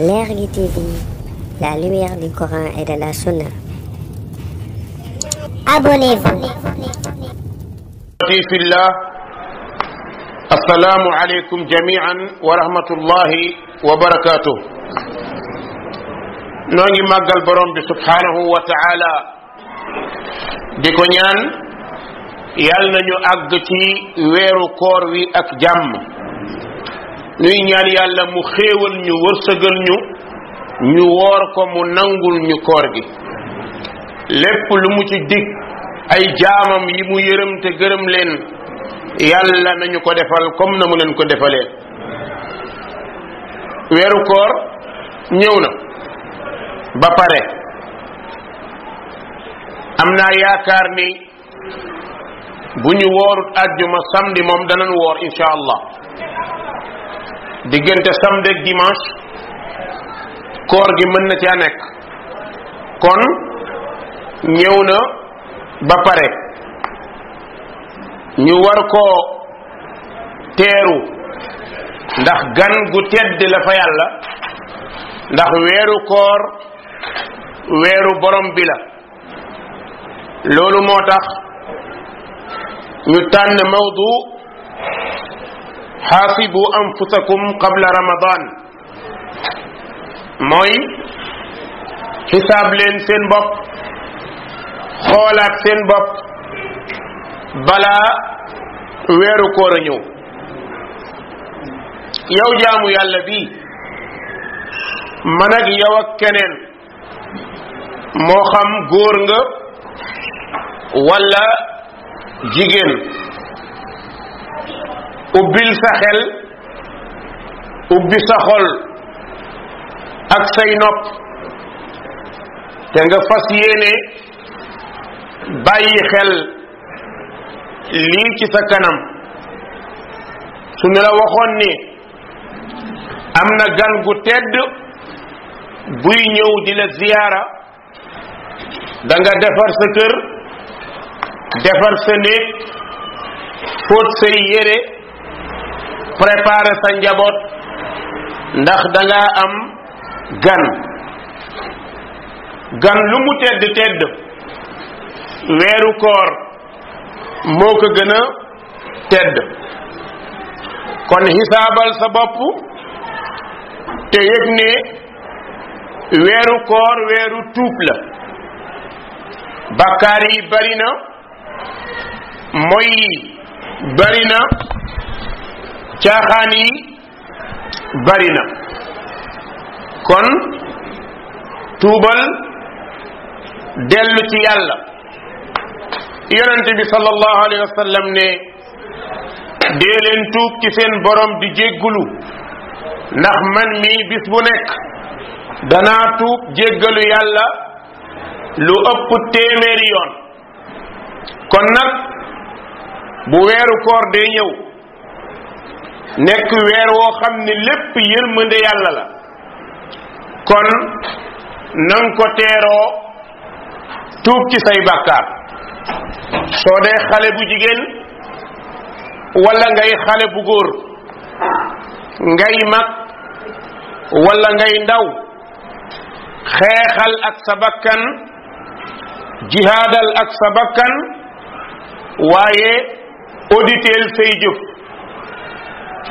L'Ergue TV, la lumière du Coran et de la Sunna. Abonnez-vous. في الله السلام عليكم جميعا ورحمة الله وبركاته نوني ماغال بروم سبحانه وتعالى ديكو نيان يال نانيو اغ ويرو كور وي اك جام ñuy ñaan yàlla mu xéewal ñu wërsëgal ñu ñu woor ko mu nangul ñu koor gi lépp lu mu ci dig ay jaamam yi mu yërëm gërëm leen yàlla nañu ko defal kom na mu leen ko defalee weru koor ñëw na ba pare am naa yaakaar ni bu ñu woorut àjjuma samedi moom danañ woor incha allah diggante samedi ak dimanche koor gi mën na caa nekk kon ñëw na ba pare ñu war koo teeru ndax gan gu tedd la fa yàlla ndax weeru koor weeru borom bi la loolu moo tax ñu tànn mawdu xaasibu anfusakum qabla ramadan mooy xisaab leen seen bopp xoolaat seen bopp balaa weeru koor a ñëw yow jaamu yàlla bi man ak yow ak keneen moo xam góor nga wala jigéen ubbil sa xel ubbi sa xol ak say nopp te nga fas yéene bàyyi xel lii ci sa kanam su ne la waxoon ni am na gan gu tedd buy ñëw di la ziyaara danga nga defar sa kër defar sa néeg fóot say yére préparer sa njaboot ndax danga am gan gan lu mu tedd tedd weeru koor moo ko gën a tedd kon xisaabal sa bopp te yëg ne weeru koor weeru tuub la bakkaar yi bari na moy na caaxaan yi bari na kon tuubal dellu ci yàlla yonente bi sallallahu alayhi wa sallam ne dee tuub ci seen borom di jéggulu ndax man mii bis bu nekk danaa tuub jéggalu yàlla lu ëpp téeméeri yoon kon nag bu weeru koor dee ñëw nekk weer woo xam ne lépp yërmande yàlla la kon nan ko teeroo tuub ci say bàkkaar soo dee xale bu jigéen wala ngay xale bu góor ngay mag wala ngay ndaw xeexal ak sa bakkan jihaadal ak sa bakkan waaye auditeel say jëf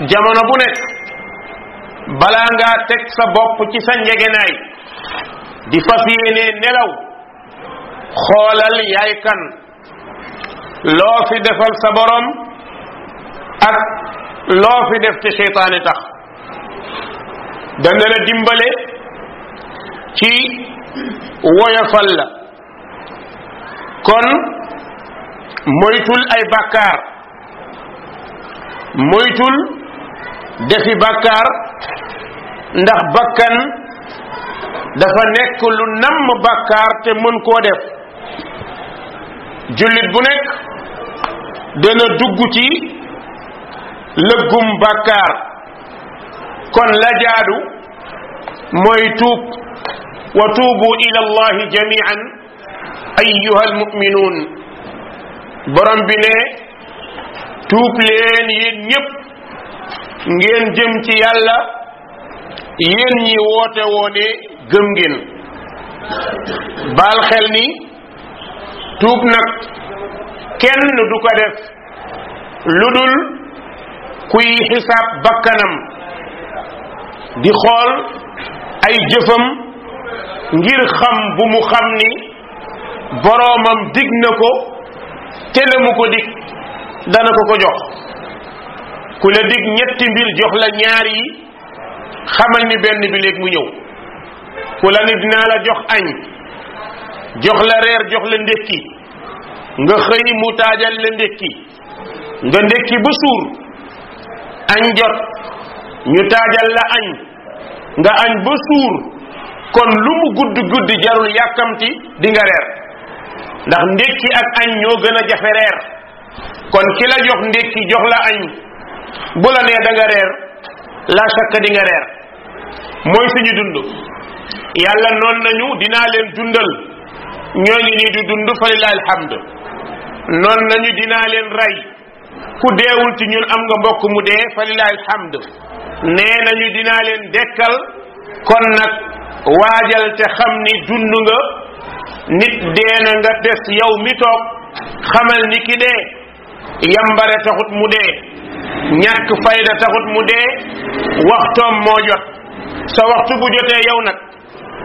jamono bu nekk bala nga teg sa bopp ci sa njegenaay di fas yéene nelaw xoolal yaay kan loo fi defal sa boroom ak loo fi def te seytaane tax dana la dimbale ci woyofal la kon moytul ay bàkkaar moytul defi bàkkaar ndax bakkan dafa nekk lu namm bàkkaar te mën koo def jullit bu nekk dana dugg ci lëggum bàkkaar kon la jaadu mooy tuub wa tuubu ila allahi jamian ayyuha almuminuun borom tuub leen yéen ngeen jëm ci yàlla yéen ñi woote woone gëm ngeen baal ni tuub nag kenn du ko def lu dul kuy xisaab bakkanam di xool ay jëfam ngir xam bu mu xam ni boroomam dig na ko te la mu ko dig dana ko ko jox ku la dig ñetti mbir jox la ñaar yi xamal ni benn bi léegi mu ñëw ku la ni dinaa la jox añ jox la reer jox la ndékki nga xëy mu taajal la ndékki nga ndékki ba suur añ jot ñu taajal la añ nga añ ba suur kon lu mu gudd gudd jarul yàkkamti dinga reer ndax ndékki ak añ ñoo gën a jafe reer kon ki la jox ndékki jox la añ bu la nee da nga reer la shakka di reer mooy suñu dund yàlla noon nañu dinaa leen dundal ñoo ngi nii di dund fa lilah alhamd noonu nañu dinaa leen rey ku deewul ci ñun am nga mbokk mu dee fa lilah alhamd nee nañu dinaa leen dekkal kon nag waajal te xam ni dund nga nit dee na nga des yow mi toog xamal ni ki dee yambare taxut mu dee ñàkk fayda taxut mu dee waxtoom moo jot sa waxtu bu jotee yow nag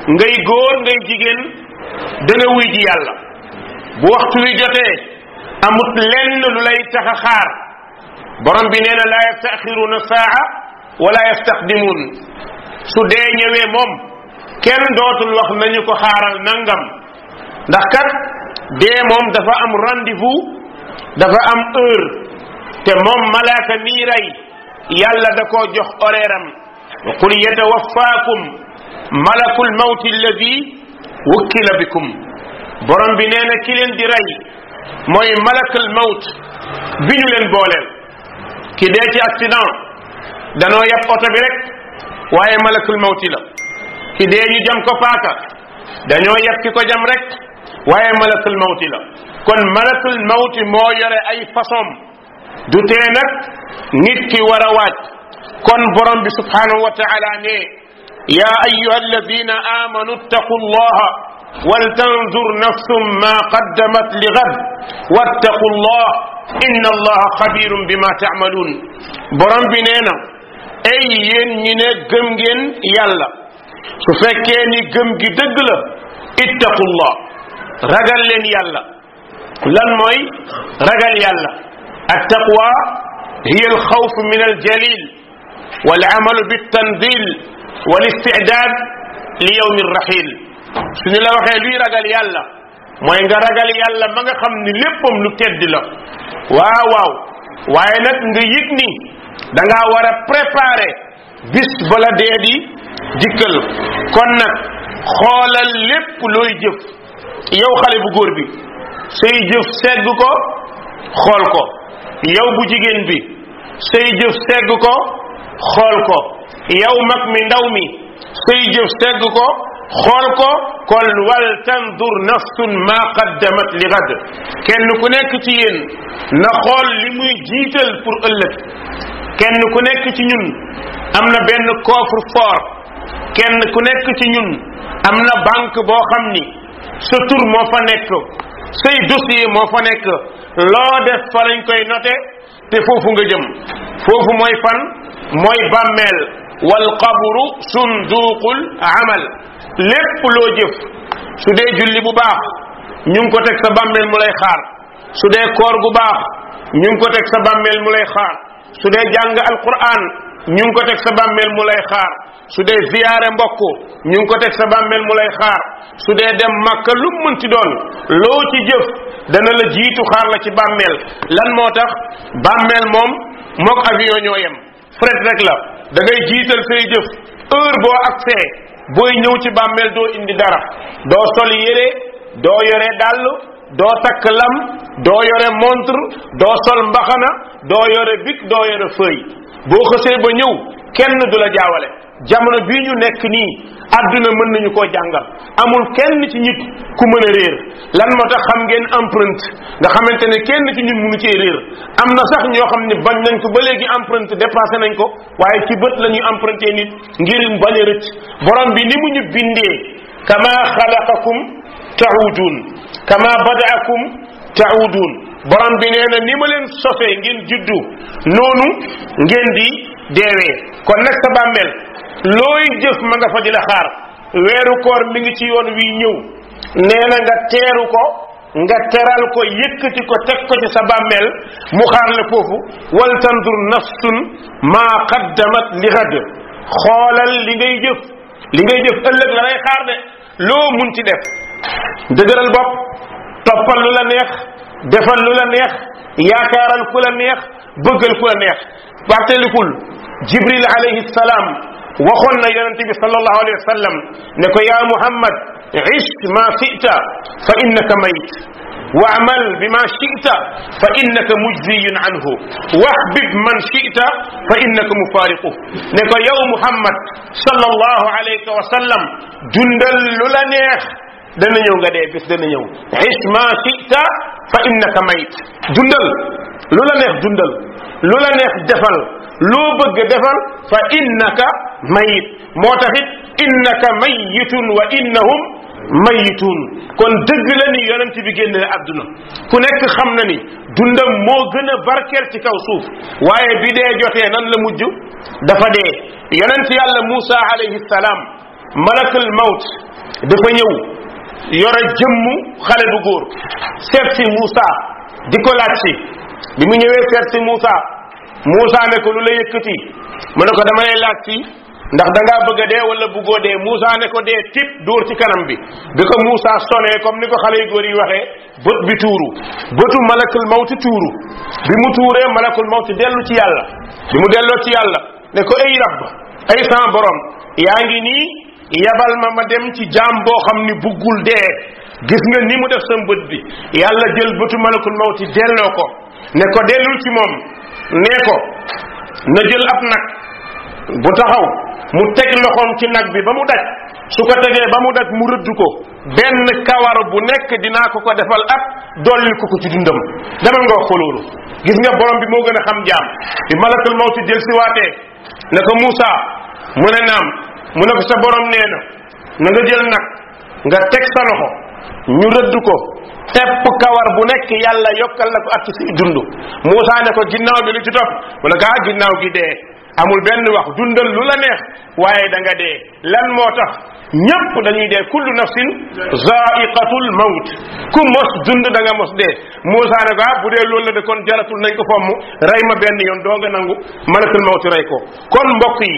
ngay góor ngay jigéen da nga yàlla bu waxtu wi jotee amut lenn lu lay tax xaar borom bi nee na laa yastaxiruuna saa wala yastaqdimuun su dee ñëwee moom kenn dootul wax nañu ko xaaral nangam ndax kat dee moom dafa am rendez-vous dafa am heure te mom malaka mii ray yàlla da ko jox horeram qul yatawaffakum malakul mawti alladhi wukila bikum borom bi neena ki len di ray moy malakul mawt biñu len bolel ki de ci accident danoo yapp auto bi rek waye malakul mawti la ki de ñu jam ko paaka dañoo yapp ki ko jam rek waye malakul mawti la kon malakul mawti moo yore ay façon du tee nag nit ki war a waaj kon borom bi subhanahu wa taala ne ya ayuha alladina amanu ttaqu llaha ولتنظر نفس ما قدمت لغد واتقوا الله إن الله خبير بما تعملون برم بنينا أي ين ين جم جن يلا سفكني جم جدقل اتقوا الله رجل يلا lan mooy ragal yàlla ak taqwa hiya alxawf min aljalil والعمل بالتنزيل والاستعداد ليوم الرحيل سني لا waxe luy ragal yalla moy nga ragal yalla ma nga xam ni leppam lu tedd la waaw waaw waaye nag nga yëg ni da ngaa war a préparer bis bala dee di dikkal kon nag xoolal lépp looy jëf yow xale bu góor bi say jëf segg ko xool ko yow bu jigéen bi say jëf segg ko xool ko yow mag mi ndaw mi say jëf segg ko xool ko kon wal tandur nafsun ma qaddamat li gad kenn ku nekk ci yéen na xool li muy jiital pour ëllëg kenn ku nekk ci ñun am na benn coffre fort kenn ku nekk ci ñun am na banque boo xam ni sa tur moo fa nekk say yi moo fa nekk loo def fa lañ koy noté te foofu nga jëm foofu mooy fan mooy bàmmeel wal qabru sunduqul amal lépp loo jëf su dee julli bu baax ñu ngi ko teg sa bàmmeel mu lay xaar su dee koor gu baax ñu ngi ko teg sa bàmmeel mu lay xaar su dee jàng alquran ñu ngi ko teg sa bàmmeel mu lay xaar su dee ziyaare mbokk ñu ngi ko teg sa bàmmeel mu lay xaar su dee dem màkka lu mënti doon loo ci jëf dana la jiitu xaar la ci bàmmeel lan moo tax bàmmeel moom mook avion ñoo yem fret rek la dangay jiital say jëf heure boo accès booy ñëw ci bàmmeel doo indi dara doo sol yére doo yore dàll doo takk lam doo yore montre doo sol mbaxana doo yore bic doo yore feuille boo xësee ba ñëw kenn du la jaawale jamono bii ñu nekk nii àdduna mën nañu koo jàngal amul kenn ci nit ku mën a réer lan moo tax xam ngeen empreinte nga xamante ne kenn ci ñun ci cee réer am na sax ñoo xam ne bañ nañ ko ba léegi empreinte dépassé nañ ko waaye ci bët la ñuy emprunté nit ngir bañ a borom bi ni mu ñu bindee kama xalaqakum taudun kama badaakum taudun borom bi nee na ni ma leen sosee ngeen juddu noonu ngeen di deewee kon nag sa bàmmeel looy jëf ma nga fa di la xaar weeru koor mi ngi ci yoon wi ñëw nee na nga teeru ko nga teral ko yëkkati ko teg ko ci sa bàmmeel mu xaar la foofu wal tandur nafsun maa qaddamat li xad xoolal li ngay jëf li ngay jëf ëllëg la lay xaar de loo mun ci def dëgëral bopp toppal lu la neex defal lu la neex yaakaaral ku la neex bëggal ku la neex fàttelikul جبريل عليه السلام وخلنا na النبي صلى الله عليه وسلم sallam يا محمد yaa عش ما شئت فإنك ميت واعمل بما شئت فإنك مجزي عنه واحبب من شئت فإنك مفارقه نكو يا محمد صلى الله عليه وسلم جندل لنيخ dana ñëw nga dee bis dana ñëw ish ma shita fa innaka mayit dundal lu la neex dundal lu la neex defal loo bëgg defal fa innaka mayit moo taxit innaka mayitun wa innahum mayitun kon dëgg la ni yonent bi génn na àdduna ku nekk xam na ni dundam moo gën a barkeel ci kaw suuf waaye bi dee jotee nan la mujj dafa dee yonent yàlla Moussa alayhi salaam malakul maut dafa ñëw yore jëmmu xale bu góor seet si Moussa di ko laaj si bi mu ñëwee seet si Moussa Moussa ne ko lu la yëkkati mu ne ko dama lay laaj si ndax da ngaa bëgg a dee wala bëggoo dee Moussa ne ko dee tip dóor ci kanam bi bi ko Moussa sone comme ni ko xale yu góor yi waxee bët bi tuuru bëtu malakul mawti tuuru bi mu tuuree malakul mawti dellu ci yàlla bi mu delloo ci yàlla ne ko ay rabb ay san borom yaa ngi nii yabal ma ma dem ci jaam boo xam ni buggul dee gis nga ni mu def sa mbët bi yàlla jël bëtu malakul mawti delloo ko ne ko dellul ci moom ne ko na jël ab nag bu taxaw mu teg loxoom ci nag bi ba mu daj su ko tegee ba mu daj mu rëdd ko benn kawar bu nekk dinaa ko ko defal at dollil ko ko ci dundam demal nga wax gis nga borom bi moo gën a xam jaam bi malakul mawti jël si waatee ne ko Moussa mu ne naam mu ne ko sa borom nee na na nga jël nag nga teg sa loxo ñu rëdd ko tepp kawar bu nekk yàlla yokkal la ko at ci siy dund Moussa ko ginnaaw bi lu ci topp mu ne ko ah ginnaaw gi dee amul benn wax dundal lu la neex waaye da nga dee lan moo tax ñépp dañuy dee kullu nafsin zaiqatul maut ku mos dund da nga mos dee Moussa ne ko bu dee loolu la de kon jaratul nañ ko fomm rey ma benn yoon doo nga nangu malakul mawti rey ko kon mbokk yi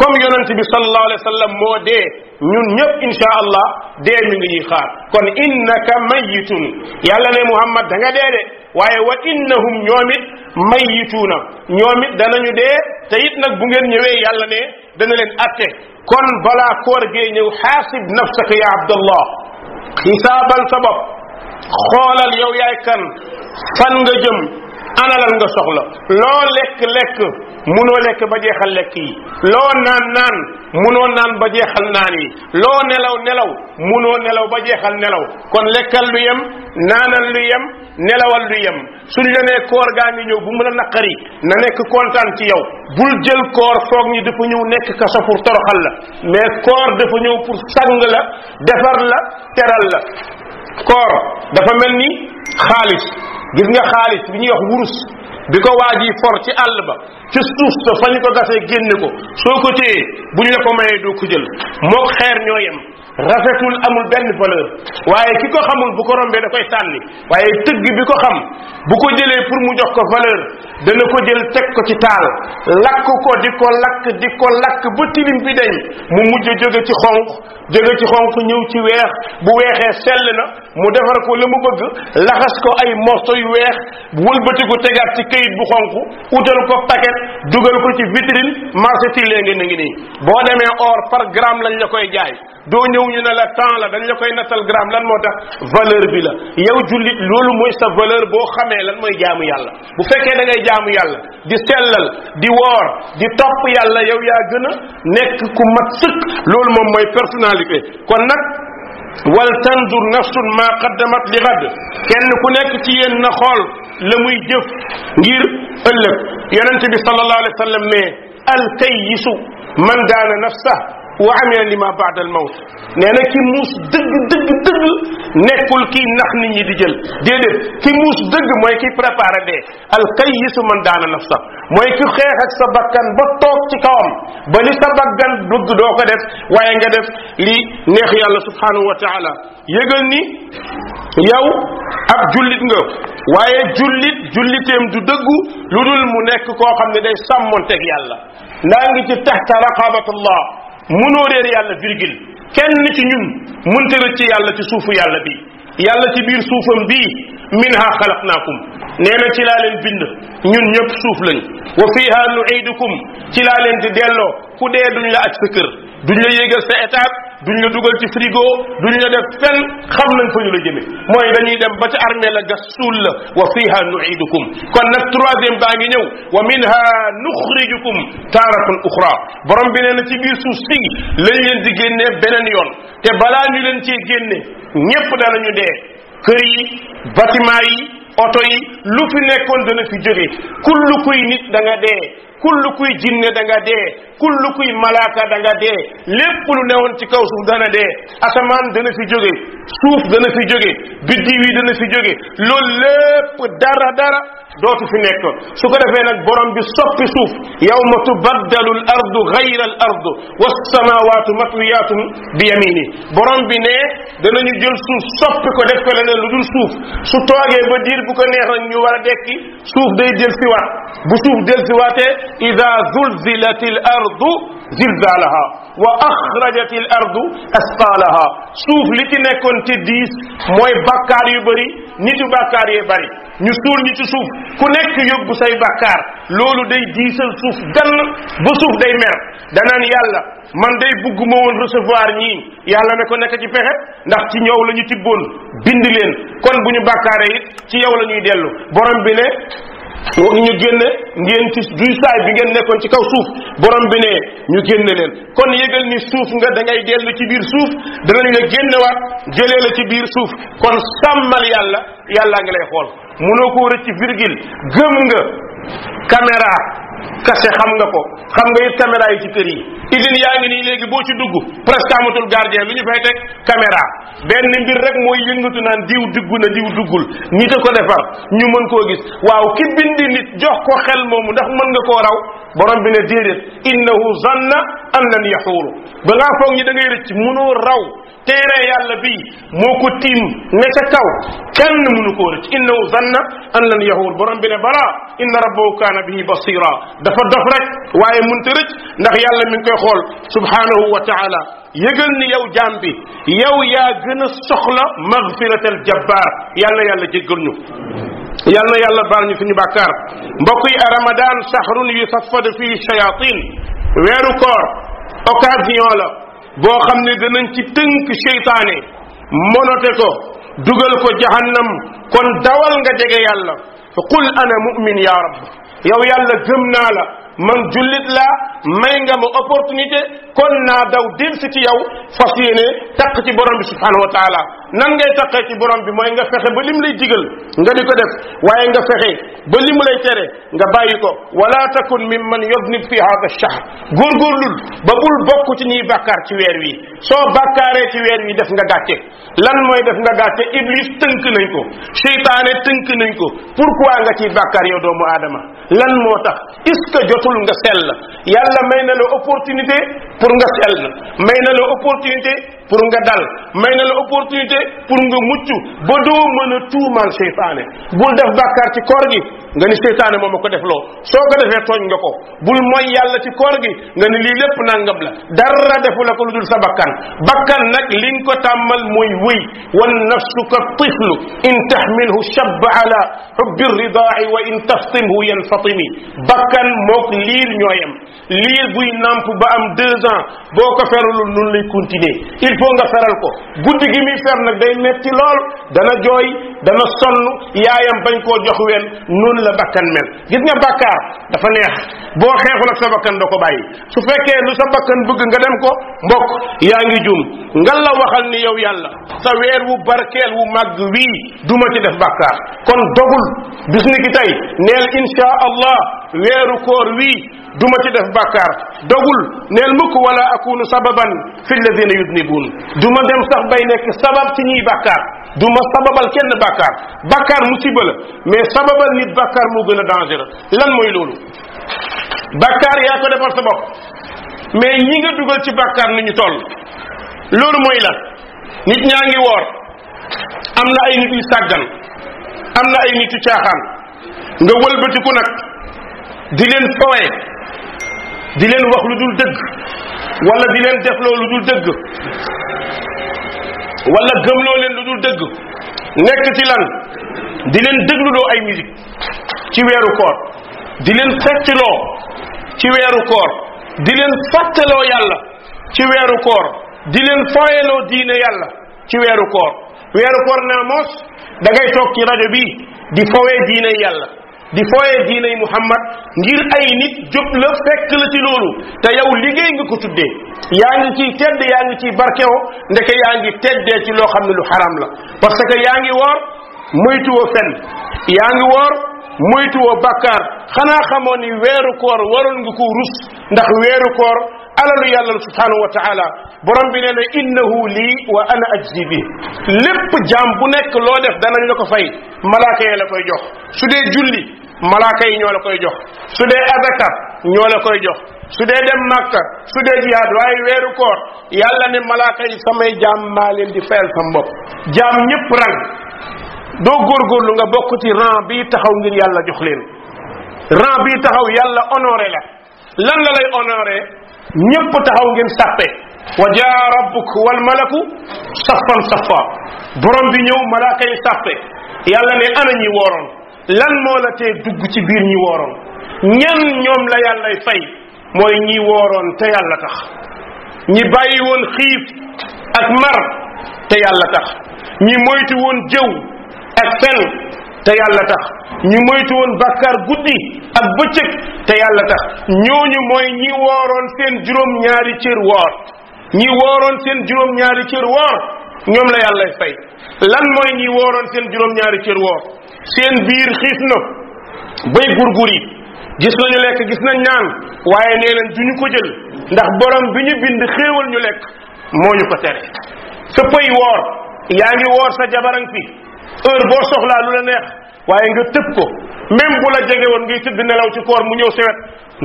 comme yonent bi sallallahu alayhi wa sallam moo dee ñun ñëpp insha allah dee mi ngi ñuy xaar kon innaka mayitun yàlla ne muhammad da nga dee de waaye wa innahum ñoom it mayyituuna danañu dee te it nag bu ngeen ñëwee yàlla ne dana leen atte kon bala koor gee ñëw xaasib nafsaka ya abdallah xisaabal sa bopp xoolal yow yaay kan fan nga jëm analal nga soxla loo lekk lekk munoo lekk ba jeexal lekk yi loo naan naan munoo naan ba jeexal naan yi loo nelaw nelaw munoo nelaw ba jeexal nelaw kon lekkal lu yem naanal lu yem nelawal lu yem suñ la nee koor gaa ngi ñëw bu mu la naqari na nekk kontaan ci yow bul jël koor foog ñi dafa ñëw nekk kaso pour toroxal la mais koor dafa ñëw pour sang la defar la teral la koor dafa mel ni xaalis gis nga xaalis bi ñuy wax wurus bi ko waa ji for ci àll ba ci suuf sa fa ñu ko gasee génne ko soo ko téyee bu ñu la ko mayee doo ko jël mook xeer ñoo yem rafetul amul benn valeur waaye ki ko xamul bu ko rombee da koy sànni waaye tëgg bi ko xam bu ko jëlee pour mu jox ko valeur dana ko jël teg ko ci taal lakk ko di ko lakk di ko lakk ba tilim bi deñ mu mujj jóge ci xonq jóge ci xonq ñëw ci weex bu weexee sell na mu defar ko la mu bëgg laxas ko ay morceau yu weex wëlbatiku tegaat ci kayit bu xonq utal ko paquet dugal ko ci vitrine marché ci lengi ngi ni bo demé or par gram lañ la koy jaay do ñëw ñu ne la temps la dañ la koy natal gram lan motax valeur bi la yow julit lolu moy sa valeur bo xamé lan moy jaamu yàlla bu fekkee da ngay jaamu yàlla di sellal di wor di top yàlla yow ya gëna nek ku mat seuk lolu mom moy personnalité kon nak wal tanzur nafsun ma qaddamat li gad kenn ku nek ci yéen na xol la muy jëf ngir ëllëg yonent bi sallallahu alayhi wa sallam ne al kayyisu man daana nafsa وعمل لما بعد الموت نانا كي موس دغ دغ دغ نيكول كي نخ نيت ني ديجل ديدر كي موس دغ موي كي بريبار دي القيس من دان نفسا موي كي خيخ اك سبكان با توك سي كوم با لي سبكان دغ دوكو ديف واي nga ديف لي نيه يالله سبحانه وتعالى ييغل ني ياو اب جوليت nga واي جوليت جوليتيم دو دغ لودول مو نيك كو خامني داي سامونتك يالله نانغي تي تحت رقبه الله mënoo réer yàlla virgule kenn ci ñun mun mënta rëcc yàlla ci suufu yàlla bi yàlla ci biir suufam bii minha xalaqnaakum nee na ci laa bind ñun ñëpp suuf lañ wa fiha nuidukum ci laa leen di delloo ku dee duñ la aj sa kër duñ duñ la dugal ci frigo duñ la def fenn xam nañ fa ñu la jëme mooy dañuy dem ba ca armée la gas suul la wa fiha nuidukum kon nag troisième baa ngi ñëw wa minha nuxrijukum taaratan uxra borom bi nee na ci biir suuf si leen di génnee beneen yoon te balaa ñu leen cee génne ñépp danañu dee kër yi bâtiment yi oto yi lu fi nekkoon dana fi jóge kullu kuy nit da nga dee kullu kuy jinne da nga dee kullu kuy malaaka da nga dee lépp lu newoon ci kaw suuf dana dee asamaan dana fi jóge suuf dana fi jóge biddiw yi dana fi jóge loolu lépp dara dara dootu fi nekkoon su ko defee nag borom bi soppi suuf yawma tubaddalu al ardu gayra al ardu wassamawatu matwiyatum bi yamini borom bi ne danañu jël suuf soppi ko def ko leneen lu dul suuf su toogee ba diir bu ko neex nag ñu war a dekki suuf day del siwaat bu suuf del siwaatee إذا زلزلت الأرض زلزالها wa axrajatil ardu asqalaha suuf li ci nekkoon te diis mooy bakkaar yu bëri nit yu bakkaar yee bari ñu suul ñi ci suuf ku nekk yóbbu say bakkaar loolu day diisal suuf gann ba suuf day mer danaan yàlla man day bugguma woon recevoir ñii yàlla ne ko nekk ci pexe ndax ci ñow la ñu tibboon bind leen kon bu ñu bakkaaree it ci yow la ñuy dellu borom bi ne wax ñu génne ngeen ci duy saay bi ngeen nekkoon ci kaw suuf borom bi ne ñu génne leen kon yëgal ni suuf nga da ngay dellu ci biir suuf danañu la waat jëlee la ci biir suuf kon sàmmal yàlla yàlla nga lay xool mënoo ko war a ci virgule gëm nga caméra kase xam nga ko xam nga it caméra yi ci kër yi usine yaa ngi nii léegi boo ci dugg presque amatul gardien lu ñu fay teg caméra benn mbir rek mooy yëngatu naan diw dugg na diw duggul ñi te ko defar ñu mën koo gis waaw ki bindi nit jox ko xel moomu ndax mën nga koo raw borom bi ne déedéet innahu zanna an lan yaxuuru ba ngaa foog ñi da ngay rëcc mënoo raw téere yàlla bi moo ko tiim ne ca kaw kenn mënu koo rëcc innahu zanna an lan yaxuur borom bi ne balaa inna rabbahu kaana bihi basira dafa dof rek waaye munta rëcc ndax yàlla mi ngi koy xool subhanahu wa taala yëgal ni yow jaam bi yow yaa gën a soxla maghfiratal jabbar yàlla yàlla jéggal ñu yàlla yàlla baal ñu suñu bàkkaar mbokk yi ramadan sahrun yusaffadu fii shayatin weeru koor occasion la boo xam ne danañ ci tënk seytaane monote ko dugal ko jahannam kon dawal nga jege yàlla fa qul ana mu'min ya rabb يا ويلا جمنا له man jullit laa may nga ma opportunité kon naa daw dil si ci yow fas yéene takk ci borom bi subhanahu wa taala nan ngay taqee ci borom bi mooy nga fexe ba lim lay digal nga di ko def waaye nga fexe ba lim lay tere nga bàyyi ko wala takun min man yodnib fi hada shahr góorgóorlul ba bul bokk ci ñuy bàkkaar ci weer wi soo bàkkaaree ci weer wi def nga gàcce lan mooy def nga gàcce iblis tënk nañ ko seytaane tënk nañ ko pourquoi nga ciy bàkkaar doomu aadama lan moo tax est jot taxul nga sell yàlla may na la opportunité pour nga sell may na la opportunité pour nga dal may na la opportunité pour nga mucc ba doo mën a tuumal seytaane bul def bàkkaar ci koor gi nga ni seytaane moom ko def loo soo ko defee tooñ nga ko bul mooy yàlla ci koor gi nga ni lii lépp nangam la dara defu la ko lu dul sa bakkan bakkan nag li ko tàmmal mooy wëy wan nafsuka tiflu in taxmilhu shab ala xubbi ridaai wa in taftimhu yanfatimi bakkan mook liir ñooyam liir buy namp ba am deux ans boo ko feralul nun lay continuer il faut nga feral ko guddi gi muy fer nag day metti lool dana jooy dana sonn yaayam bañ koo jox wen noonu la bakkan mel gis nga bàkkaar dafa neex boo xeexul nag sa bakkan da ko bàyyi su fekkee lu sa bakkan bëgg nga dem ko mbokk yaa ngi juum nga la waxal ni yow yàlla sa weer wu barkeel wu màgg wii duma ci def bàkkaar kon dogul bis ki tey neel insha allah weeru koor wii duma ci def bàkkaar dogul neel mukk wala akunu sababan fi lladina yudnibuun duma dem sax bay nekk sabab ci ñiy bàkkaar duma sababal kenn bàkkaar bàkkaar musiba la mais sababal nit bàkkaar moo gën a dangereux lan mooy loolu bàkkaar yaa ko defal sa bopp mais ñi nga dugal ci bàkkaar ni ñu toll loolu mooy la nit ñaa ngi woor am na ay nit yu sàggan am na ay nit yu caaxaan nga wëlbatiku nag di leen fawee di leen wax lu dul dëgg wala di leen defloo lu dul dëgg wala gëmloo leen lu dul dëgg nekk ci lan di leen doo ay musique ci weeru koor di leen fettiloo ci weeru koor di leen fàttaloo yàlla ci weeru di leen fooyeloo diine yàlla ci weeru koor weeru koor naa moos da toog ci rajo bi di fowee diine yàlla di foye diinay muhammad ngir ay nit jóg la fekk la ci loolu te yow liggéey nga ko tuddee yaa ngi ciy tedd yaa ngi ciy barkewoo ndeke yaa ngi teddee ci loo xam ne lu xaram la parce que yaa ngi woor moytuwoo fen yaa ngi woor moytuwoo bakkaar xanaa xamoo ni weeru koor waroon nga ko rus ndax weeru koor alalu yàlla subhanahu wa taala borom bi nee na innahu lii wa ana ajzi bi lépp jaam bu nekk loo def danañ la ko fay malaaka yi la koy jox su dee julli malaaka yi ñoo la koy jox su dee azaka ñoo la koy jox su dee dem màkka su dee jihaad waaye weeru koor yàlla ne malaaka yi samay jaam maa leen di fayal sam bopp jaam ñëpp rang doo góor góorgóorlu nga bokk ci rang bii taxaw ngir yàlla jox leen rang bii taxaw yàlla honoré la lan la lay honoré ñépp taxaw ngeen sàppe wa jaa rabbuk wal malaku saffan saffa borom bi ñëw malaaka yi sàppe yàlla ne ana ñi woron lan mo la tee dugg ci biir ñi woron ñan ñom la yalla fay moy ñi woron te yàlla tax ñi bàyyi won xif ak mar te yàlla tax ñi moytu won jëw ak fen te yàlla tax ñu moytu woon bàkkaar guddi ak bëccëg te yàlla tax ñooñu mooy ñi wooroon seen juróom ñaari cër woor seen juróom ñaari cër ñoom la yàlla fay lan mooy ñi wooroon seen juróom ñaari cër woor seen biir xiif na bay gurgur yi gis nañu lekk gis nañ naan waaye nee nañ du ñu ko jël ndax borom bi ñu bind xéewal ñu lekk moo ñu ko tere sa pëy woor yaa ngi woor sa jabaran fi boo soxlaa lu la neex waaye nga tëb ko même bu la jege woon ngay tëdd nelaw ci koor mu ñëw sewet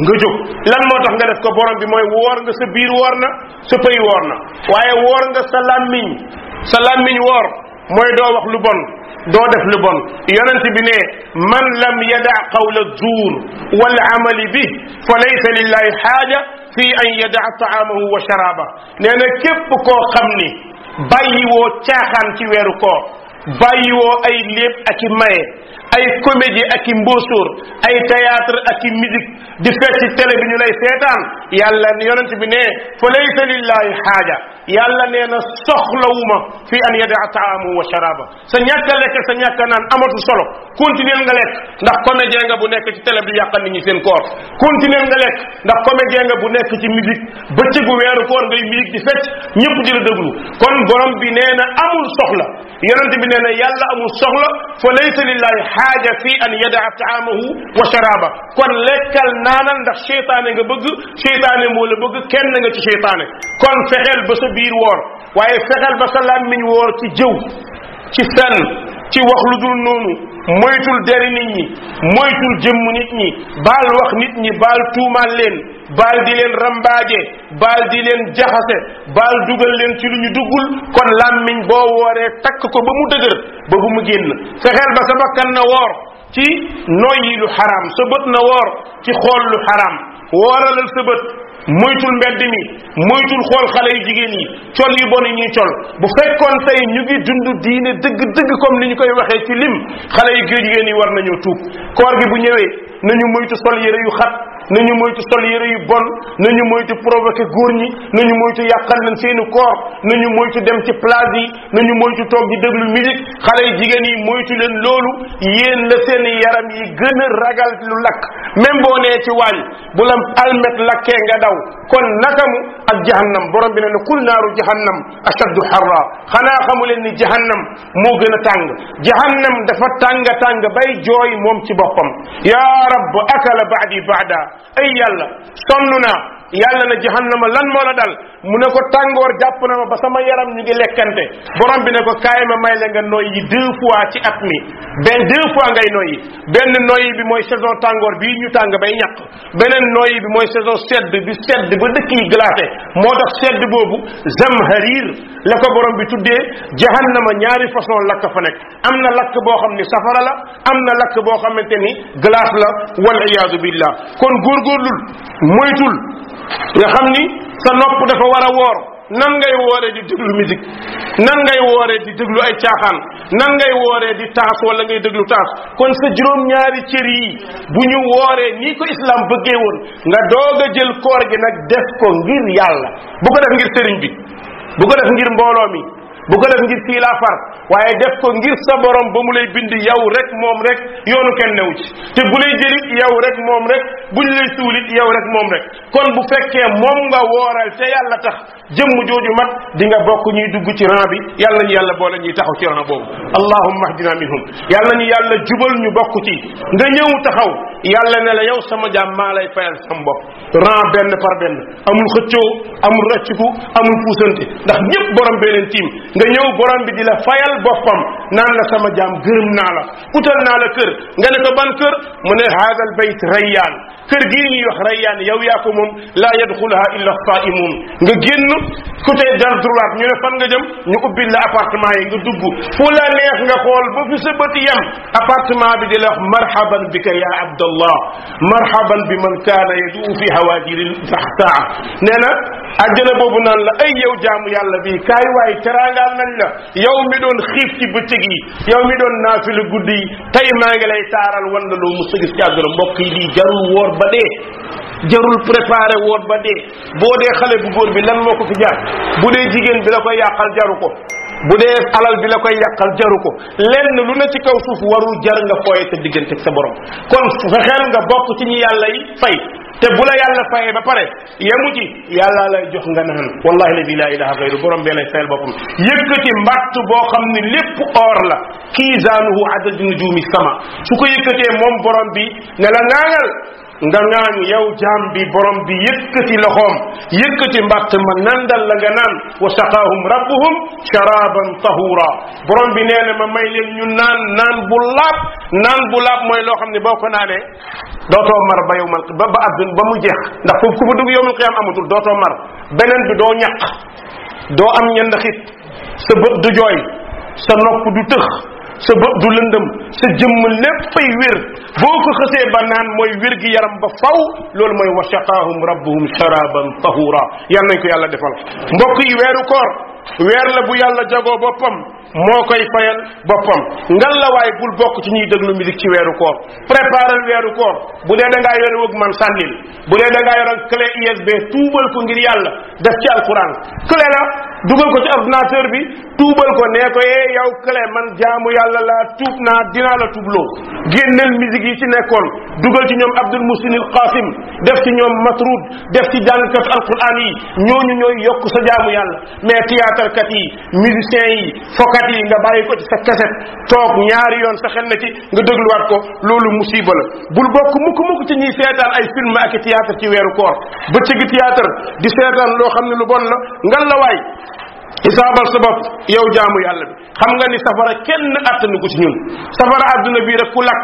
nga jóg lan moo tax nga def ko borom bi mooy woor nga sa biir woor na sa pëy woor na waaye woor nga sa làmmiñ sa làmmiñ woor mooy doo wax lu bon doo def lu bon yonent bi ne man lam yada qawla zuur wal amali bi fa laysa lillahi xaaja fi an yada taamahu wa sharaba nee na képp koo xam ni bàyyiwoo caaxaan ci weeru koor bàyyiwoo ay léeb ak i maye ay comédie ak i ay théâtre ak musique di fecc ci télé bi ñu lay sétan yàlla yonent bi ne fa laysa lillahi xaaja yàlla nee na soxlawuma fi an yad'a taamu wa sharaba sa ñak lek sa ñak nan amatu solo continue nga lek ndax comédie nga bu nekk ci télé bi yakal nit ñi seen koor continue nga lek ndax comédie nga bu nekk ci musique becc gu wéru koor ngay musique di fecc ñëpp di la déglu kon borom bi nee na amul soxla yonent bi nee na yàlla amul soxla fa laysa lillahi حاجة في أن يدع طعامه وشرابه كون لك نانا ندخ شيطان نغ بغ شيطان مول بغ كين نغ تي شيطان كون فخل بس بير وور واي فخل بس لام مين وور تي جيو تي سن تي واخ لودول نونو مويتول ديري نيت ني مويتول جيم نيت ني بال واخ نيت ني بال توما لين bal di len rambaaje bal di len jaxase bal dugal len ci luñu ñu duggul kon làmmiñ bo woré tak ko ba mu deugër ba bu mu génn fexeel ba sa bakkan na wor ci noyi lu haram sa bët na wor ci xol lu haram wooralal sa bët moytul mbedd mi moytul xol xale yi jigen yi col yu bon ñi ñuy bu fekkon tay ñu gi dundu diine deug deug comme niñ koy waxe ci lim xale yi jigen yi war nañu tuup koor gi bu ñewé nañu moytu sol yére yu xat nañu moytu sol yére yu bon nañu moytu provoquer góor ñi nañu moytu yàqal leen seen koor nañu moytu dem ci place yi nañu moytu toog di déglu musique xale yi jigéen yi moytu leen loolu yéen la seen yaram yi gën a ragal lu lakk même boo nee ci waañ bu la almet lakkee nga daw kon nakamu ak jahannam borom bi ne kul naaru jahannam ashaddu harra xanaa xamu leen ni jahannam moo gën a tàng jahannam dafa tàng tàng bay jooy moom ci boppam ya rabb akala badi bada ay yàlla sonn naa yàlla na jahannama lan moo la dal mu ne ko tàngoor jàpp na ma ba sama yaram ñu ngi lekkante borom bi ne ko kaay ma may la nga noyyi deux fois ci at mi benn deux fois ngay noyyi benn noyyi bi mooy saison tàngoor bii ñu tàng bay ñàq beneen noyyi bi mooy saison sedd bi sedd ba dëkk yi glacé moo tax sedd boobu zamharir la ko borom bi tuddee jahannama ñaari façon lakk fa nekk am na lakk boo xam ne safara la am na lakk boo xamante ni glace la wal iyaadu billah kon góorgóorlul moytul nga xam ni sa nopp dafa war a woor nan ngay wooree di déglu musique nan ngay wooree di déglu ay caaxaan nan ngay wooree di taas wala ngay déglu taas kon sa juróom-ñaari cër yi bu ñu wooree nii ko islaam bëggee woon nga doog a jël koor gi nag def ko ngir yàlla bu ko def ngir sëriñ bi bu ko def ngir mbooloo mi bu ko def ngir fii laa far waaye def ko ngir sa borom ba mu lay bind yow rek moom rek yoonu kenn newu ci te bu lay jëli yow rek moom rek buñ lay tuulit yow rek moom rek kon bu fekkee moom nga wooral te yàlla tax jëmm jooju mat di nga bokk ñuy dugg ci ran bi yàlla ñu yàlla boole ñuy taxaw ci ran boobu allahumma ahdina minhum yàlla ñu yàlla jubal ñu bokk ci nga ñëw taxaw yàlla ne la yow sama jaam maa lay fayal sam bopp ran benn par benn amul xëccoo amul ràcciku amul puusante ndax ñëpp borom bee leen tiim nga ñëw borom bi di la fayal boppam naan la sama jaam gërëm naa la utal naa la kër nga ne ko ban kër mu ne hadal bayt rayyaan kër gii ñuy wax rayyaan yow yaa ko moom laa yadxulaha illa saimun nga génn côté dal droite ñu ne fan nga jëm ñu ubbil la appartement yi nga dugg fu la neex nga xool ba fi sa bët yem appartement bi di la wax marhaban bika ya abdallah marhaban bi man kaana yaduu fi hawaajiri saxsaa nee na àjjana boobu naan la ay yow jaamu yàlla bi kaay waay teraangaal nañ la yow mi doon xiif ci bëccëg yi yow mi doon naafilu guddi yi tey maa ngi lay taaral wan la loo mos a gis ci àdduna mbokk yi lii jarul woor woon ba dee jarul préparé woon ba dee boo dee xale bu góor bi lan moo ko fi jaar bu dee jigéen bi la koy yàqal jaru ko bu dee alal bi la koy yàqal jaru ko lenn lu na ci kaw suuf warul jar nga fooye sa diggante sa borom kon fexeel nga bokk ci ñi yàlla yi fay te bu la yàlla fayee ba pare yemu ci yàlla lay jox nga naan wallahi la laa ilaha gayru borom bee lay fayal boppam yëkkati mbàtt boo xam ni lépp or la kiisaanuhu adadu nujumi sama su ko yëkkatee moom borom bi ne la ngaangal nga ŋaañu yow jaam bi borom bi yëkkati loxoom yëkkati mbàtt ma nandal la nga naan wa saqaahum rabbuhum sharaban tahura borom bi nee na ma may leen ñu naan naan bu laab naan bu mooy loo xam ne boo ko naanee dootoo mar ba yowmal ba ba addun ba mu jeex ndax foofu ku fa dugg yowmal qiyaam amatul dootoo mar beneen bi doo ñaq doo am ñenn xit sa bët du jooy sa nopp du tëx sa bët du lëndëm sa jëmm léppay wér boo ko xësee ba naan mooy wér gi yaram ba faw loolu mooy wa saqaahum rabbuhum sharaban tahura yàlla nañ ko yàlla defal mbokk yi weeru koor weer la bu yàlla jagoo boppam moo koy fayal boppam ngal la waaye bul bokk ci ñuy déglu musique ci weeru koor préparer weeru koor bu dee da ngaa yore wëg man sànnil bu dee da ngaa yore clé USB tuubal ko ngir yàlla def ci alquran clé la dugal ko ci ordinateur bi tuubal ko ne ko yee eh, yow clé man jaamu yàlla laa tuub naa dinaa la tuubloo génneel musique yi ci nekkoon dugal ci ñoom Abdul Muhsin al Qasim def ci ñoom Matrud def ci jàngkat al yi ñooñu ñooy yokk sa jaamu yàlla théâtrekat yi musiciens yi fokat yi nga bàyyi ko ci sa kaset toog ñaari yoon sa xel na ci nga dégluwaat ko loolu musiba la bul bokk mukk mukk ci ñuy seetaan ay film ak théâtre ci weeru koor bëccëgi théâtre di seetaan loo xam ne lu bon la ngan la waay isaabal sa bopp yow jaamu yàlla bi xam nga ni safara kenn attanu ko ci ñun safara àdduna bii rek ku lakk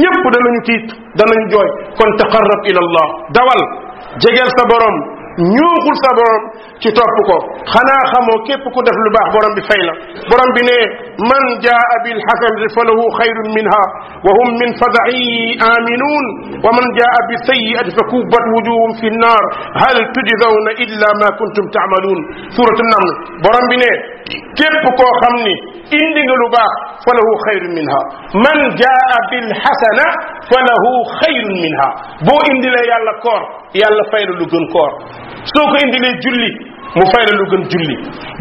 ñépp danañu tiit danañu jooy kon taqarrab ila allah dawal jegeel sa borom ñuuxul sa borom ci topp ko xanaa xamoo képp ku def lu baax borom bi fay la borom bi ne man jaa bil hasanati falahu khayrun minha wa hum min fada'i aminun wa man jaa bi sayyi'ati fakubat wujuhum fi an-nar hal tujzawna illa ma kuntum ta'malun suratul nam borom bi ne képp koo xam ni indi nga lu baax falahu khayrun minha man jaa bil hasana falahu khayrun minha boo indi la yàlla koor yàlla fay la lu gën koor soko indi le julli mu fayra lu gën julli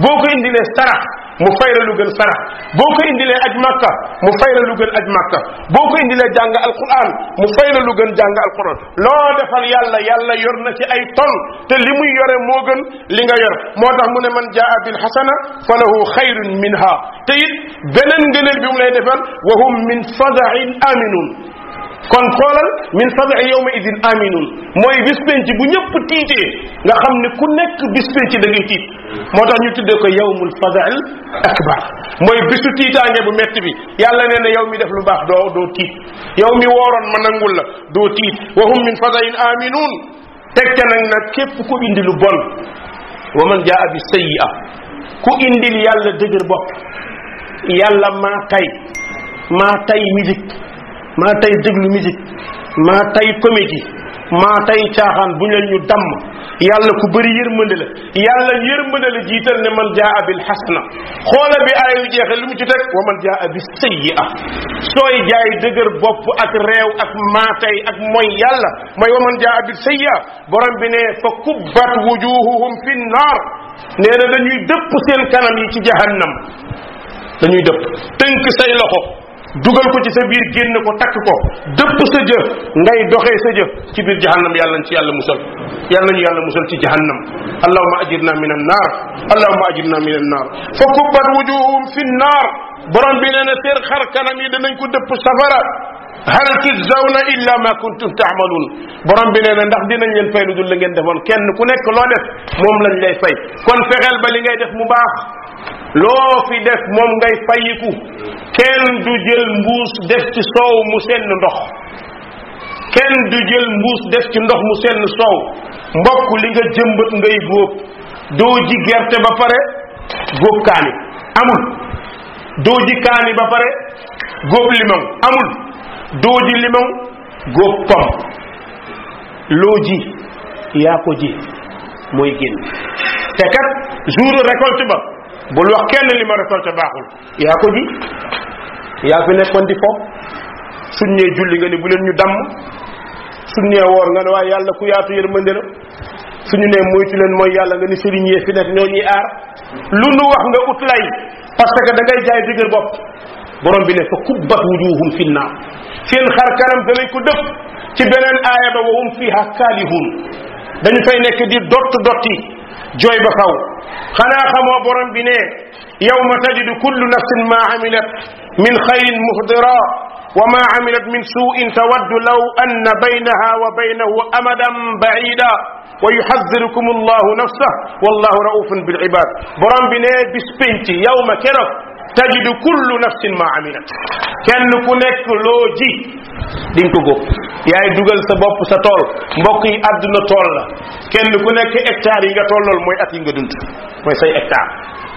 boko indi le sara mu fayra lu gën sara boko indi le aj makka mu fayra lu gën aj makka boo ko indilee jàng alquran mu fayra lu gën jàng alquran lo defal yàlla yàlla yor na ci ay ton te limuy yore mo gën li nga yor motax mu ne man jaa bil hasana falahu khairun minha te yit benen ngeenel bi mu lay defal wa hum min fadain aminun kon xoolal min sabi yowma idin aminun mooy bis penc bu ñëpp tiitee nga xam ne ku nekk bis penc da ngay tiit moo tax ñu tuddee ko yowmul fadail akbar mooy bisu tiitaange bu metti bi yàlla nee na yow mi def lu baax doo doo tiit yow mi wooroon ma nangul la doo tiit hum min fadain aminun teg ca nag na képp ku indi lu bon wa man jaa bi sayia ku indil yàlla dëgër bopp yàlla maa tay maa tay milik maa tey déglu musique maa tey comédie maa tey caaxaan bu ñu ñu damm yàlla ku bëri yërmande la yàlla yërmande la jiital ne man jaa bil xasna xoola bi ayu jeexe li mu ci teg wa man jaa bi sayyi'a sooy jaay dëgër bopp ak réew ak maatay ak moy yàlla mooy wa man jaa bi sayyi'a borom bi ne fa kubbat wujuhuhum fi naar nee na dañuy dëpp seen kanam yi ci jahannam dañuy dëpp tënk say loxo dugal ko ci sa biir génn ko takk ko dëpp sa jë ngay doxee sa jë ci biir jahannam yàlla nañ ci yàlla musal yàlla nañu yàlla musal ci jahannam allahuma ajirna min an naar allahuma ajirna min an naar fa kubbat wujuhum fi naar borom bi nee na seen xar kanam yi danañ ko dëpp safara hal tujzawna illa ma kuntum taamaluun borom bi nee na ndax dinañ leen fay lu dul la ngeen defoon kenn ku nekk loo def moom lañ lay fay kon fexeel ba li ngay def mu baax loo fi def moom ngay fayiku kenn du jël mbuus def ci soow mu senn ndox kenn du jël mbuus def ci ndox mu senn soow mbokk li nga jëmbat ngay góob doo ji gerte ba pare góob kaani amul doo ji kaani ba pare góob limon amul doo ji limon góob pom loo ji yaa ko ji mooy génn te kat jour récolte ba bul wax kenn li ma rafetlu te baaxul yaa ko ji yaa fi nekkoon di fo suñ nee julli nga ni bu leen ñu damm suñ nee woor nga ne waaye yàlla ku yaatu yërmande la suñu nee moytu leen mooy yàlla nga ni sëriñ yee fi nekk ñoo ñuy aar lu nu wax nga ut lay parce que da ngay jaay dëgër bopp borom bi ne fa kubbat wujuhum fi naar seen xar kanam danañ ko dëpp ci beneen aaya ba wa hum fiha kaalihun dañu fay nekk di dott dotti جوي بخو خنا خمو برم بني يوم تجد كل نفس ما عملت من خير مهدرا وما عملت من سوء تود لو أن بينها وبينه أمدا بعيدا ويحذركم الله نفسه والله رؤوف بالعباد برم بني بسبنتي يوم كرف tajidu kullu nafsin ma amilat kenn ku nekk loo ji di ko góob yaay dugal sa bopp sa tool mbokk yi àdduna tool la kenn ku nekk hectare yi nga tollool mooy at yi nga dund mooy say hectare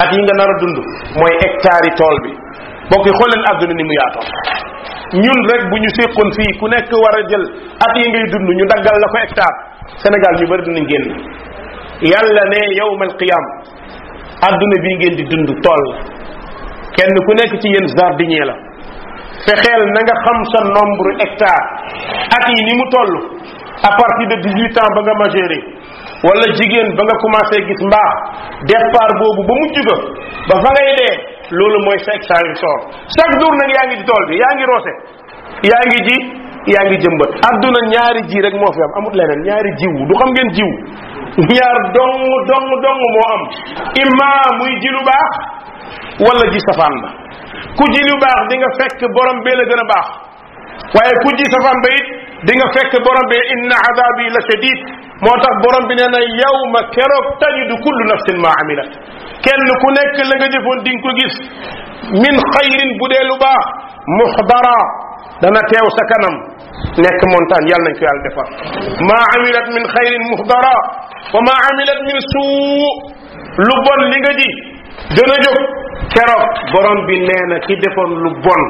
at yi nga nar a dund mooy hectare yi tool bi mbokk yi xool leen àdduna ni mu yaatoo ñun rek bu ñu séqoon fii ku nekk war a jël at yi ngay dund ñu daggal la ko hectare Sénégal ñu bëri dinañ génn yàlla ne yawmal qiyam àdduna bi ngeen di dund tool la kenn ku nekk ci yéen jardinier la fexeel na nga xam sa nombre hectare at yi ni mu toll à partir de dix huit ans ba nga majeur wala jigéen ba nga commencé gis mbaax départ boobu ba mujj ga ba fa nga dee loolu mooy sa hectare yu soor chaque jour nag yaa ngi ci tool bi yaa ngi roose yaa ngi ji yaa ngi jëmbët adduna ñaari ji rek moo fi am amut leneen ñaari jiw du xam ngeen jiw ñaar dong dong dong moo am imma muy ji lu baax wala ji safan ba ku ji lu bax di nga fekk borom be la gëna bax waye ku ji safan ba it di nga fekk borom be inna adabi la shadid motax borom bi neena yawma keroog tajid kullu nafsin ma amilat kenn ku nekk la nga jëfoon di nga ko gis min xayrin budé lu bax muhdara dana tew sa kanam nek montane yàlla nañ ko yàlla defal ma amilat min khairin muhdara wa ma amilat min su lu bon li nga di dana jóg keroog borom bi nee na ki defoon lu bon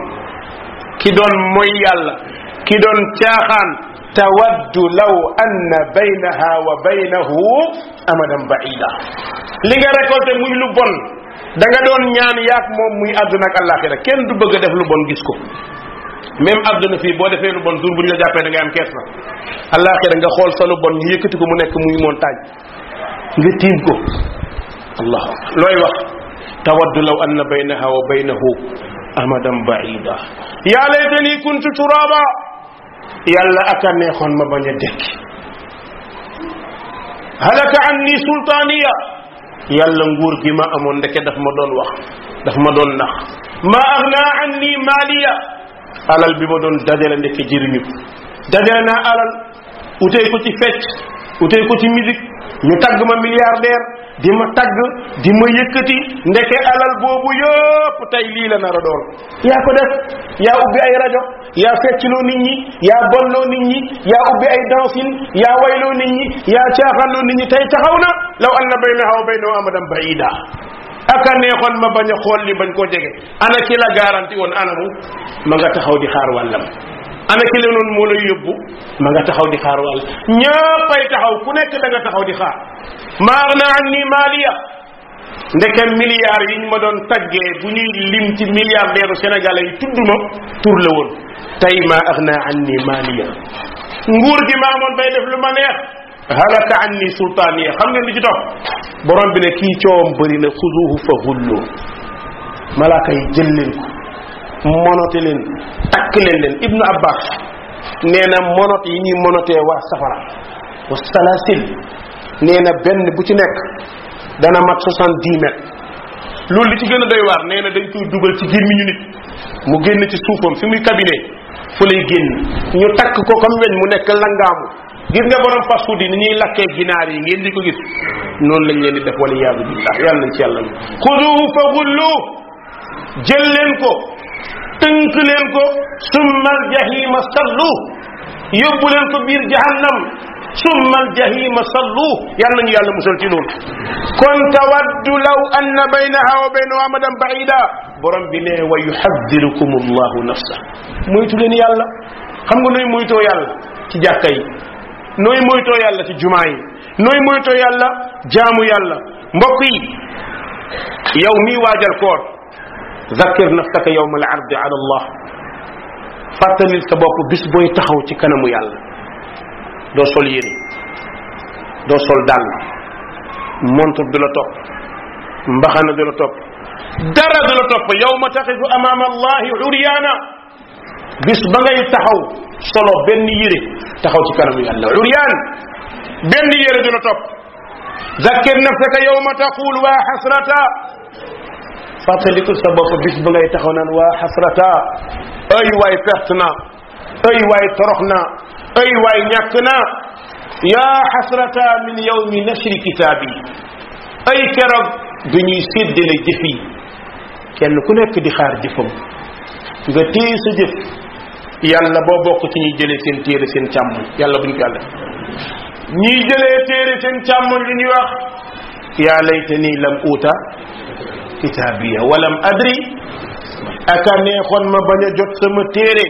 ki doon moy yàlla ki doon caaxaan tawaddu law anna baynaha wa baynahu amadan baida li nga récolté muy lu bon danga nga doon ñaan ak moom muy àdduna ak àllaaxira kenn du bëgg a def gis ko même àdduna fii boo defee lu bon jour bu ñu la jàppee da ngay am kersa àllaaxira nga xool sa lu bon ñu yëkkati ko mu nekk muy montagne nga tiim ko allah looy wax tawaddu law anna baynaha wa baynahu amadan baida yaa laytani kuntu turaba yàlla aka neexoon ma bañ a dekki halaka anni sultaaniya yàlla nguur gi ma amoon ndeke daf ma doon wax daf ma doon nax ma agna anni maaliya alal bi ma doon dajale ndeke jëriñu dajale naa alal utee ko ci fecc utee ko ci musique ñu tagg ma milliardaire di ma tagg di ma yëkkati ndeke alal boobu yëpp tey lii la nar a doon yaa ko def yaa ubbi ay rajo yaa feccloo nit ñi yaa bonloo nit ñi yaa ubbi ay dansin yaa wayloo nit ñi yaa caaxaanloo nit ñi tey taxaw na law anna baynaha wa baynahu amadan baida aka neexoon ma bañ a xool li bañ koo jege ana ki la garanti woon anamu ma nga taxaw di xaar wàllam ana ki leen moo lay yóbbu ma nga taxaw di xaar wàll ñëppay taxaw ku nekk da nga taxaw di xaar maar na an ni maaliya ndeke milliards yi ñu ma doon taggee bu ñuy lim ci milliardaire sénégalais yi tudd ma tur la woon tey ma agna an ni maaliya nguur gi maa moon bay def lu ma neex halaka an ni sultaaniya xam ngeen li ci dox borom bi ne kii coowam bëri na xuduuhu fa xullu malaaka yi jël leen ko monote leen takk leen leen ibnu abbas nee na monote yi ñuy monotee waa safara wa salasil nee na benn bu ci nekk dana mat soixante-dix mètres loolu li ci gën a doy waar nee na dañ koy dugal ci gémmiñu nit mu génn ci suufam fi muy cabinet fu lay génn ñu takk ko comme weñ mu nekk langaamu gis nga borom fast food yi ni ñuy lakkee ginaar yi ngeen di ko gis noonu lañ leen di def wala yaasu billah yàlla nañ ci yàlla xuduhu fa gullu jël leen ko tënk leen ko summal jahima sallu yóbbu leen ko biir jahannam summal jahima sallu yàlla nañu yàlla musal ci loolu kon tawaddu law anna baynaha wa baynahu amadan baida borom bi ne wa yuhadirukum allahu nafsa muytu leen yàlla xam nga nooy muytoo yàlla ci jàkka yi nooy muytoo yàlla ci jumaa yi nooy muytoo yàlla jaamu yàlla mbokk yi yow mii waajal koor ذكر نفسك يوم العرض على الله فاتني السبب بس بوي تخاو تي كانمو يالا دو سول يين دو سول دال مونتو دولا توك مبخانا دولا توك دارا دولا توك يوم تخيب امام الله عريانا بس بغي تخاو سولو benn yire taxaw ci kanamu yàlla uryaan benn yére dina topp zakkir nafsaka yowma taqul waa xasrata fàttaliku sa bopp bis bu ngay taxaw naan waa xasrata ay waay perte na ay waay torox na ay waay ñàkk na yaa xasrata min yawmi nashri kitaabi ay keroog bi ñuy séddale jëf yi kenn ku nekk di xaar jëfam nga téye sa jëf yàlla boo bokk ci ñuy jëlee seen téere seen càmm yàlla buñ ko yàlla ñiy jëlee téere seen càmm li ñuy wax yaa layta nii lam uuta kitaabiya walam adri aka neexoon ma bañ a jot sama téere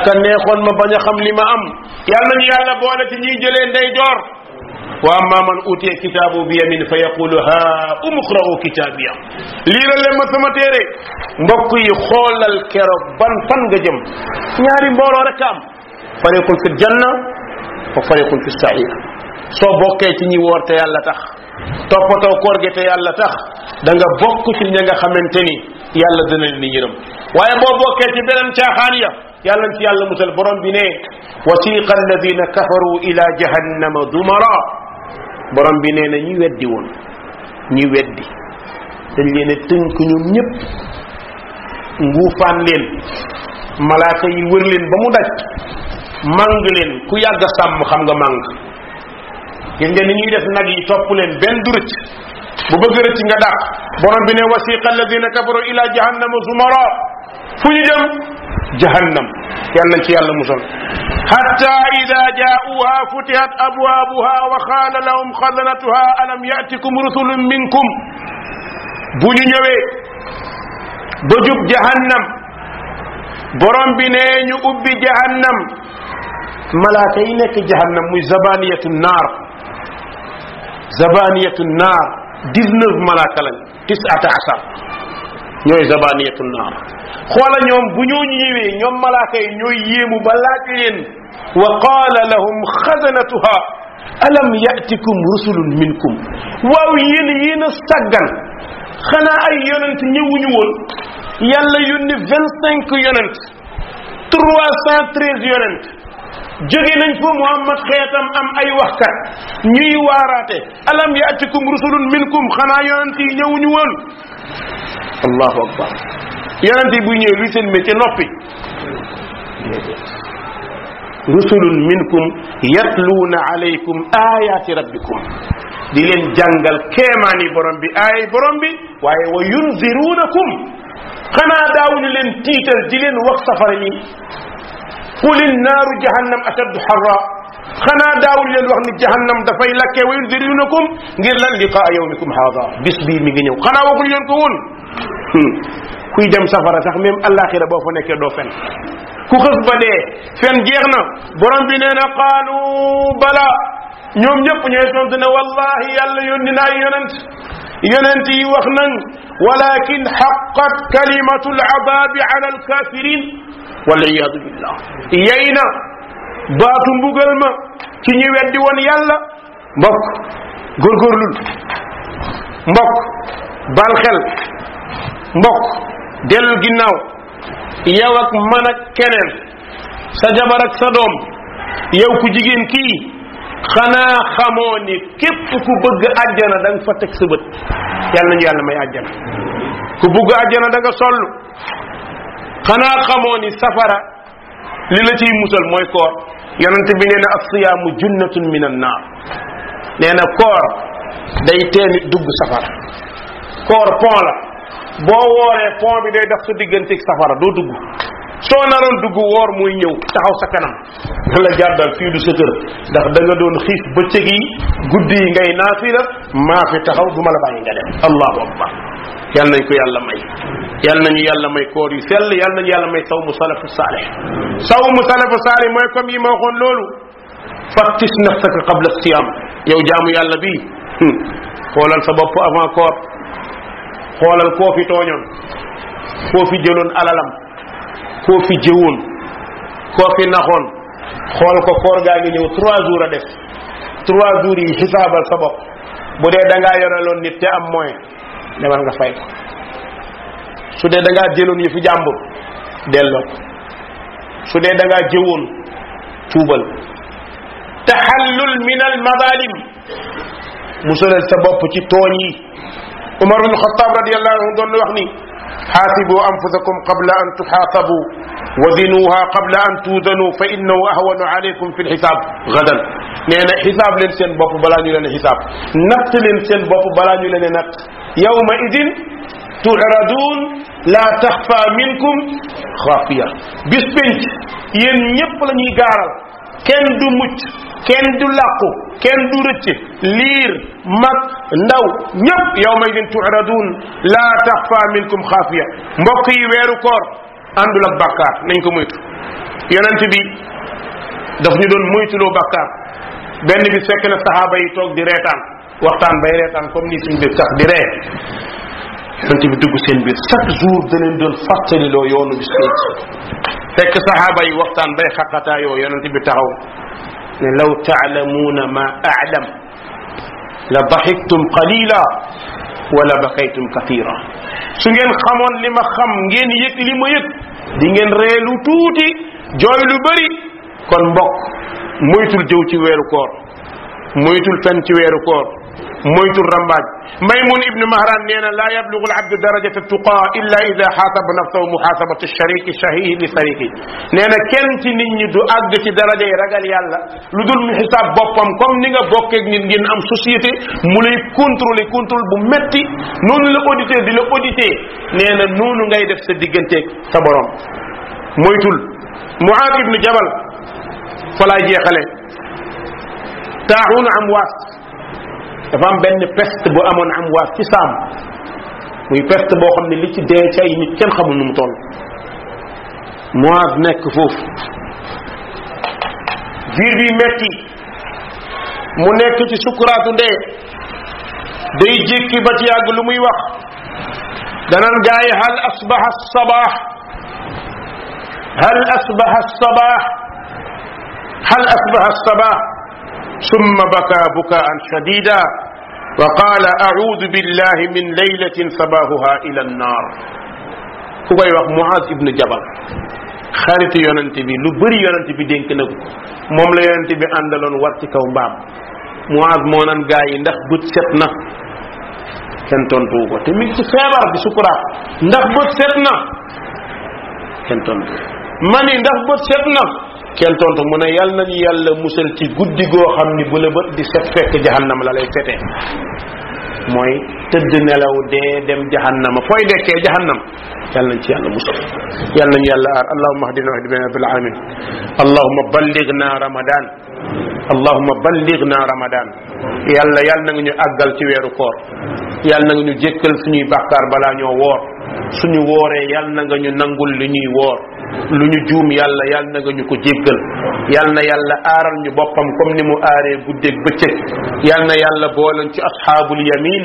aka neexoon ma bañ a xam li ma am yàlla ñu yàlla boole ci ñiy jëlee ndey joor wa amma man utiya kitaabu bi yamin fa yaqulu ha umqra'u kitaabiya liirale ma sama téere mbokk yi xoolal keroog ban fan nga jëm ñaari mbooloo rek am fariqul fi janna wa fariqul fi sair soo bokkee ci ñi woor te yàlla tax toppatoo koor gi te yàlla tax da nga bokk ci ña nga xamante ni yàlla dana leen yërëm waaye boo bokkee ci beneen caaxaan ya yàlla ci yàlla musal borom bi ne wasiqa alladina kafaru ila jahannama dumara borom bi nee na ñi weddi woon ñi weddi dañ leen a tënk ñoom ñëpp nguufaan leen malaaka yi wër leen ba mu daj mang leen ku yàgg sàmm xam nga mang gis ngeen ni ñuy def nag yi topp leen benn du bu bëgg rëcc nga dàq borom bi ne wasiqa alladina kafaru ila zumara fu ñu jëm jahannam yal nañ ci yàlla musal حتى إذا جاءوها فتحت أبوابها وقال لهم خزنتها ألم يأتكم رسل منكم بني بجب جهنم برم بنين أب جهنم ملاكينك جهنم زبانية النار زبانية النار 19 malaka lañ 19 ñoy zabaniyatun nar xola ñom bu ñu ñewé ñom malaka yi ñoy yému ba laaj leen wa qala lahum xasanatuha alam yatikum rusulun minkum waaw yéen yéen a xana ay yonent ñëwuñu won yàlla yoni 25 yonent 313 yonent جوغي نانكو محمد خياتم ام اي وقت ني واراتي الم ياتكم رسل منكم خنا يونتي نيو نيول الله اكبر يونتي بو نيو لي سن ميتي نوبي رسل منكم يتلون عليكم ايات ربكم di len jangal kemani borom bi ay borom bi waye wa yunzirunakum khana dawu len tital di len wax safara ni قل النار جهنم اشد حرا خنا داول لين وخني جهنم دا فاي لاكي وينذرونكم غير لن لقاء يومكم هذا بس بي ميغي نيو خنا وكل ينتون كوي ديم سفارا تخ ميم الاخره بو فنيك دو فن كو خس بدي فن جيخنا بروم بي نينا قالوا بلا نيوم نيب ني سونتنا والله يلا يوننا يوننت يوننتي وخنا ولكن حقت كلمه العذاب على الكافرين wala iyaadu billah yey na baatu mbugal ma ci ñi weddi woon yàlla mbok góorgóorlul mbok baal mbok mbokk ginnaaw yow ak man keneen sa jabar sa doom yow ku jigéen kii xanaa xamoo ni képp ku bëgg àjjana da nga fa teg sa bët yàlla nañu yàlla may àjjana ku bëgg àjjana da nga xanaa xamoo ni safara li la ciy musal mooy koor yonent bi nee na asiyaamu junnatun min an naar nee na koor day teeni dugg safara koor pont la boo wooree pont bi day def sa digganteeg safara doo dugg soo naroon dugg woor muy ñëw taxaw sa kanam da la jàddal fii du sa kër ndax da nga doon xiif bëccëg yi guddi yi ngay naafila maa fi taxaw du ma la bàyyi nga dem allahu akbar yal nañ ko yàlla may yal nañu yàlla may koor yu sell yal nañu yàlla may saw mu salafu saalih saw mu salafu saalih mooy comme yi ma waxoon loolu fattis nafsaka qabla siyam yow jaamu yàlla bi hmm, xoolal sa bopp avant koor xoolal koo fi tooñoon koo fi jëloon alalam koo fi jëwoon koo fi naxoon xool ko koor gaa ngi ñëw trois jours a def trois jours yi xisaabal sa bopp bu dee da ngaa yoreloon nit te am moyen demal nga fay ko su dee da ngaa jëloon yëfi jàmbur delloo ko su dee da ngaa jëwoon tuubal taxallul min al madalim musalal sa bopp ci tooñ yi umar ibn xataab radiallahu anhu doon wax ni حاسبوا أنفسكم قبل أن تحاسبوا وزنوها قبل أن توزنوا فإنه أهون عليكم في الحساب غدا لأن حساب لنسين بابو بلاني لن حساب نقص لنسين بابو بلاني لن نقص يومئذ تعرضون لا تخفى منكم خافية بس بنت ين يبلني كين دو موت كين دو لاكو كين دو رتي لير مك ناو نيب يوم يدين تعرضون لا تخفى منكم خافية مبقي ويرو كور عند لك بكار نينكو ميتو يونانتي بي داف ني دون ميتو لو بكار بن بي سكنا صحابه يي توك دي ريتان waxtaan bay reetaan comme ni suñu bir sax di ree yonent bi dugg seen biir chaque jour danañ doon fàttali loo yoonu bi فك صحابة وقتا بي خقتا يو يننتي لو تعلمون ما أعلم لضحكتم قليلا ولا بقيتم كثيرا سنجن خمون لما خم جن يك لما يك دينجن ريلو توتي جويلو بري كون بوك ميتو الجوتي ويرو كور ميتو الفنتي ويرو كور moytu rambaaj maymun ibnu mahran nee na laa yablugu labdu darajata tuqa illa ida xaataba nafsahu muxaasabatu shariki sahihi li sariki nee na kenn ci nit ñi du àgg ci daraja yi ragal yàlla lu dul mu xisaab boppam comme ni nga bokkeeg nit ngeen am société mu lay contrôler contrôle bu metti noonu la audité di la audité nee na noonu ngay def sa digganteeg sa borom moytul muaad ibnu jabal fa laa jeexale taaxuuna am waas dafa am benn peste bu amoon am waa fisaam muy peste boo xam ne li ci dee ci ay nit kenn xamul nu mu toll moise nekk foofu biir bi metti mu nekk ci sukuraatu ndee day jékki ba ci yàgg lu muy wax danan gaay hal asbaha sabaax hal asbaha sabaax hal asbaha sabaax ثم بكى بكاء شديدا وقال اعوذ بالله من ليله صباحها الى النار كوي واخ معاذ ابن جبل خارتي يونتي بي لو بري يونتي بي دينك نكو موم لا يونتي بي اندالون واتي كاو مبام معاذ مو نان غاي ندخ بوت سيتنا كان تونتو كو تي ميتي فيبر بي سوكرا ندخ بوت سيتنا كان تونتو ماني ندخ بوت سيتنا kenn tontu mu ne yàlla nañu yàlla musal ci guddi goo xam ni bu la bët di set fekk jahannama la lay fete mooy tëdd nelaw dee dem jahannama fooy dekkee jahannam yàlla nañ ci yàlla musal yàlla nañu yàlla aar allahumma ahdina wa ahdina bil amin allahumma ballighna ramadan allahumma ballighna ramadan yàlla yàlla na nga ñu àggal ci weeru koor yàlla na nga ñu jékkal suñuy bàkkaar balaa ñoo woor suñu wooree yàlla na nga ñu nangul li ñuy woor luñu joom yàlla yàlla na nga ñu ko jéggal yàlla na yàlla aaral ñu boppam comme ni mu aaree guddeeg bëccëg yàlla na yàlla boolan ci ashabul yamin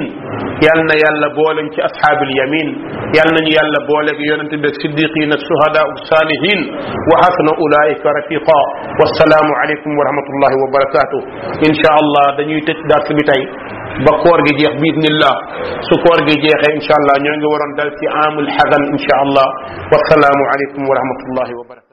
yàlla na yàlla boolan ci ashabul yamin yàlla nañu yàlla booleeg yonente beeg siddiqin ak suhada ak salihin wa hasna ulaika rafiqa wassalaamu alaykum wa rahmatullahi wa barakatuh insha allah dañuy tëj dars bi tey ba koor gi jeex bi idnillah su koor gi jeexee incha allah ñoo ngi waroon dal ci amul xagan incha allah wasalaamu aleykum wa rahmatullahi wa barakatu